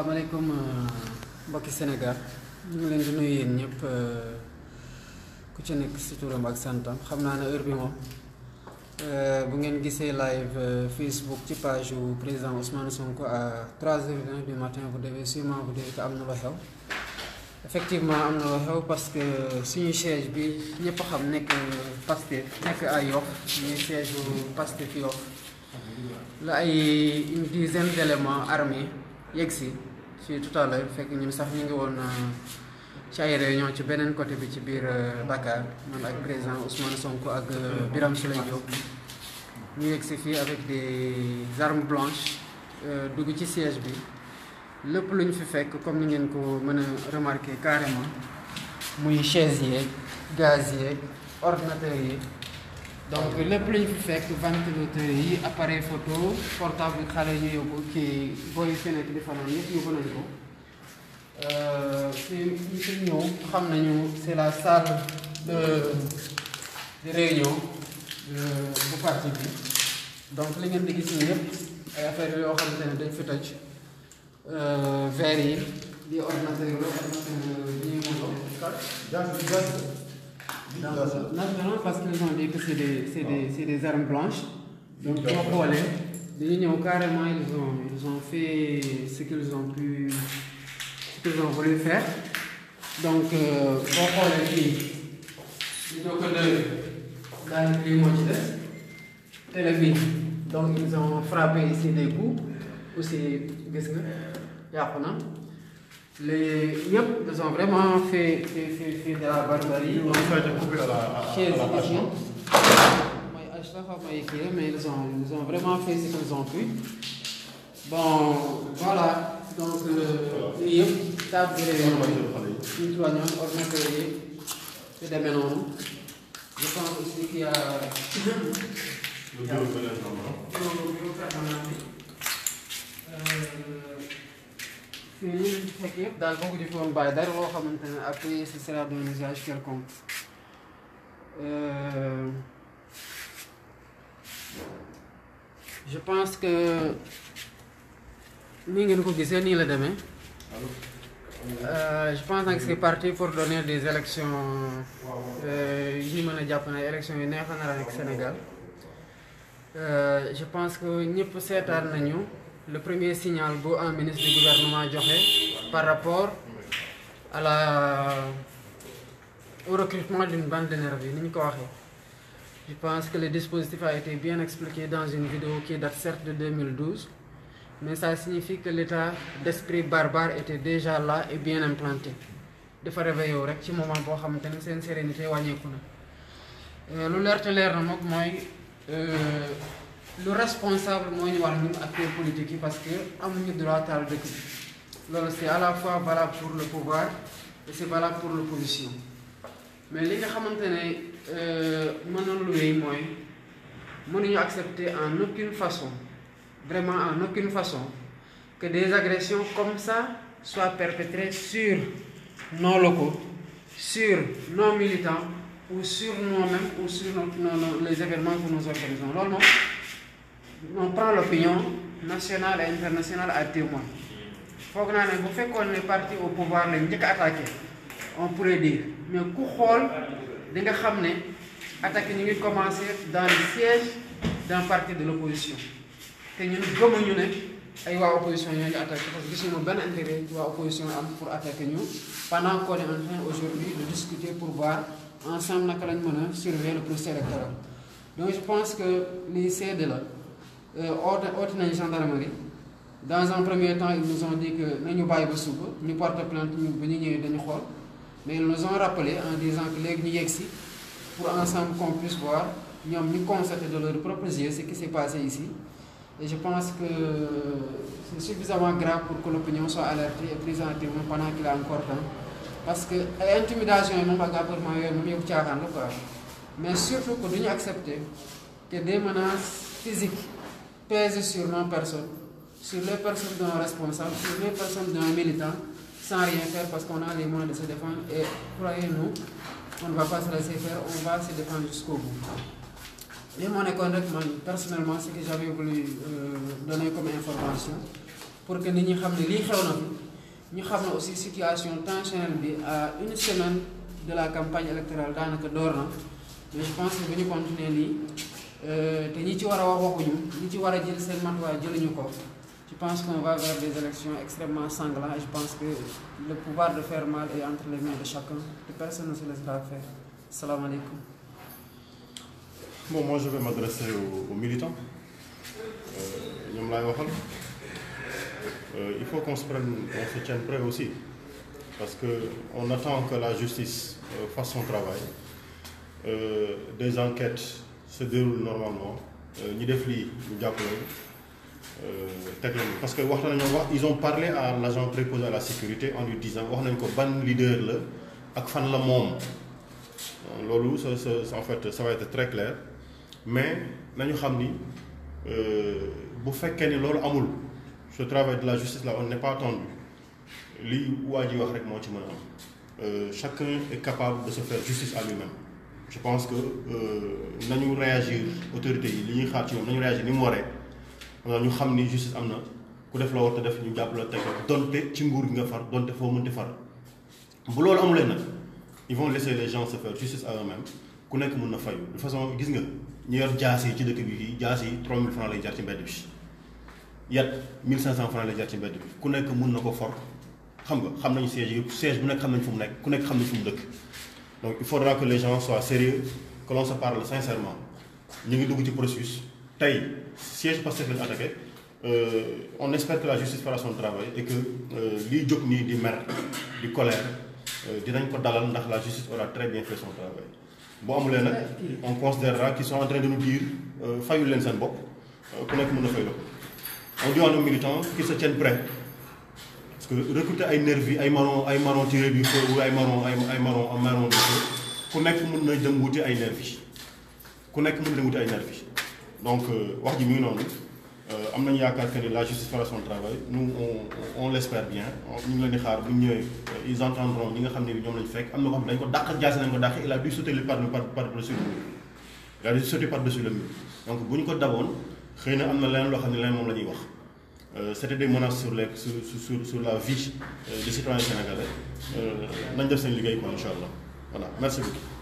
asalaamaaleykum euh, mbokki Sénégal ñu leen di nuyu yéen ñëpp euh, ku ci nekk si turam ak santam xam naa ne heure bi moom euh, bu ngeen gisee live Facebook ci page yu président Ousmane Sonko à 3h20 du matin vous devez sûrement vous dire que am na lu xew effectivement am na lu xew parce que suñu siège bi ñëpp xam nekk Pastef nekk ay Yoff ñuy siège bu Pastef Yoff la ay une dizaine d'éléments armés yegg si si tout à l'heure fekk ñun sax ñu ngi woon euh, ci ay réunion ci beneen côté bi ci biir euh, Dakar man ak président Ousmane Sonko ak euh, Birame Souleye Diop ñu yegg si fii avec des armes blanches dugg ci siège bi lépp lu ñu fi fekk comme ni ngeen ko mën a remarqué carrément muy chaise yeeg gaz yeeg ordinateur yeeg donc lépp lañu fi fekk ventilateur yi appareil photo portable xale yu yóbbu kii booy fenêtre di fanaan yëpp yóbbu nañu ko euh, fi ñu fi ñëw xam nañu c'est la salle de réunion bu euh, parti bi donc li ngeen di gis nii yëpp ay affaires yoo xamante ne dañ fi toj euh, verre yi di ordinateur yi ordinateur yi ñuy mënoo naturellement parce qu'ils ont dit que c'est des c'est des ah. c'est des armes blanches. donc boo xoolee dañu ñëw carrément ils ont ils ont fait ce qu'ils ont pu ce qu'ils ont voulu faire donc euh, boo xoolee fii ñu doog a doy daanaka lii moo ci des télé bi donc ils ont frappé ici des coups aussi gis nga na. les yep, ils ont vraiment fait, fait, fait, fait de la barbarie. On a été coupé à la chaise ici. Mais ils ont, ils ont vraiment fait ce qu'ils ont pu. Bon, voilà. Donc, euh, yep, table de litoyens, ordre payé, c'est des mélanges. Je pense aussi qu'il y a. Le bureau de yëpp daal boo ko jëfee woon bàyyi dara loo xamante ne après ce sera d'un usage quelconque euh, je pense que nii ngeen ko gisee nii la demee euh, je pense nag c'est parti pour donner des élections euh, yu ñu mën a jàpp ne élections yi neex na nekk Sénégal je pense que ñëpp seetaan nañu le premier signal boo un ministre du gouvernement joxe par rapport à la au recrutement d'une bande de nervis ni ñu ko waxee je pense que le dispositif a été bien expliqué dans une vidéo qui date certes de mais ça signifie que l'état d'esprit barbare était déjà là et bien implanté dafa réveillé yow rek ci moment boo xamante ne seen sérénité wàññeeku na euh, lu leer leer na moom mooy euh, lu responsable moo ñu war ñun acteurs politiques yi parce que amuñu droit taal dëkk bi loolu c'est à la fois valable pour le pouvoir et c'est valable pour l'opposition mais li nga xamante ne euh, mënoon lu wéy mooy mënuñu accepter en aucune façon vraiment en aucune façon que des agressions comme ça soient perpétrées sur nos locaux sur nos militants ou sur nous-mêmes ou sur nos, nos, les événements que nous organisons loolu moom on prend l'opinion nationale et internationale à témoin foog naa ne bu fekkoon ne parti au pouvoir lañ njëkk a attaqué on pourrait dire mais ku xool di nga xam ne attaque ñu ngi commencé dans le siège d'un parti de l'opposition te ñun ñu ne ay waa opposition ñoo ñu attaqué parce que gisuñu benn intérêt waa opposition am pour attaquer ñu pendant qu'on est en train aujourd'hui de discuter pour ensemble naka lañ mën a surveiller le processus que lii seede la Euh, oote oote nañu gendarmerie dans un premier temps ils nous ont dit que nañu bàyyi ba suba ñu porte plainte ñu bu ñu ñëwee dañu xool mais ils nous ont rappelé en disant que léegi ñu yegg si pour ensemble qu'on puisse voir ñoom ñu constater de leurs propres yeux ce qui s'est passé ici je pense que euh, c'est suffisamment grave pour que l'opinion soit alertée et prise en témoin pendant qu'il parce que ay euh, intimidation yi moom ak appartement yooyu moom yëpp caaxaan la quoi mais surtout pèse sur ma personne, sur les personnes d'un responsable, sur les personnes d'un militant, sans rien faire parce qu'on a les moyens de se défendre. Et croyez-nous, on ne va pas se laisser on va se défendre jusqu'au bout. Et mon école, personnellement, ce que j'avais voulu euh, donner comme information, pour que nous sachions ce qui nous savons aussi la situation tensionnelle à une semaine de la campagne électorale dans le Dorna. Mais je pense que nous continuer Euh, te ñi ci war a wax waxuñu ñi ci war a jël seen matuwaay jëluñu ko je pense qu'on va vers des élections extrêmement sanglantes et je pense que le pouvoir de faire mal est entre les mains de chacun et personne ne se laissera faire Salam alaikum. Bon, moi je vais m'adresser aux, aux, militants. Euh, euh, il faut qu'on se, prenne, on se tienne aussi. Parce qu'on attend que la justice euh, fasse son travail. Euh, des enquêtes se déroule normalement euh, ñu def lii ñu jàppale euh, teg lañu parce que wax nañu wax ils ont parlé à l' agent préposé à la sécurité en lui disant wax nañ ko ban leader la ak fan la moom euh, loolu sa sa en fait ça va être très clair mais nañu xam ni bu fekkee ni loolu amul ce travail de la justice là on n'est pas attendu li waa ji wax rek moo ci mën a am chacun est capable de se faire justice à je pense que euh, nañu réagir autorité yi li ñuy xaar ci ñoom nañu réagir ni mu waree ñu xam ni justice am na ku def la def ñu jàpp la teg la ci nguur gi nga far donte foo mënti far bu loolu amulee nag ils vont laisser les gens se faire ku nekk mën na fayu de façon gis nga ñu yor yi ci dëkk bi fii jaas yi 3000 francs lay jar ci mbedd bi yat 1500 francs lay jar ci bi ku nekk mën na ko for xam nga xam nañu siège yëpp siège bu nekk xam nañ fu mu nekk ku nekk xam nañ fu mu dëkk donc il faudra que les gens soient sérieux que l'on se parle sincèrement ñu ngi dugg ci processus tey siège Pastef lañu attaqué euh, on espère que la justice fera son travail et que euh, liy jóg nii di mer di colère euh, dinañ ko dalal ndax la justice la très bien fait son travail bu amulee nag on considérera qu'ils sont en train de fayul leen seen bopp ku nekk mën na fay la ko on dit à nos militants qu'ils se que recruter ay nervi ay marron ay marron tiré du feu ay marron ay ay marron marron du ku nekk mën na dem wuti ay nervi ku nekk mën na dem wuti ay nervi donc euh, wax ji mi ngi noonu euh, am nañu yaakaar que ni la justice fera son travail nous on on l' espère bien ñu ngi leen di xaar bu ñu ñëwee euh, ils entendront ñi nga xam ne ñoom lañu fekk am na ko xam ne dañ ko dàq jaase nañ ko dàq il a dû sauter par par par dessus le mur il donc bu ñu ko daboon xëy na am na leneen loo xam ne leneen moom la ñuy wax. Euh, c'était des menaces sur les sur sur sur la vie euh, des citoyens sénégalais euh, nañ def seen liggéey quoi incha allah voilà merci beaucoup.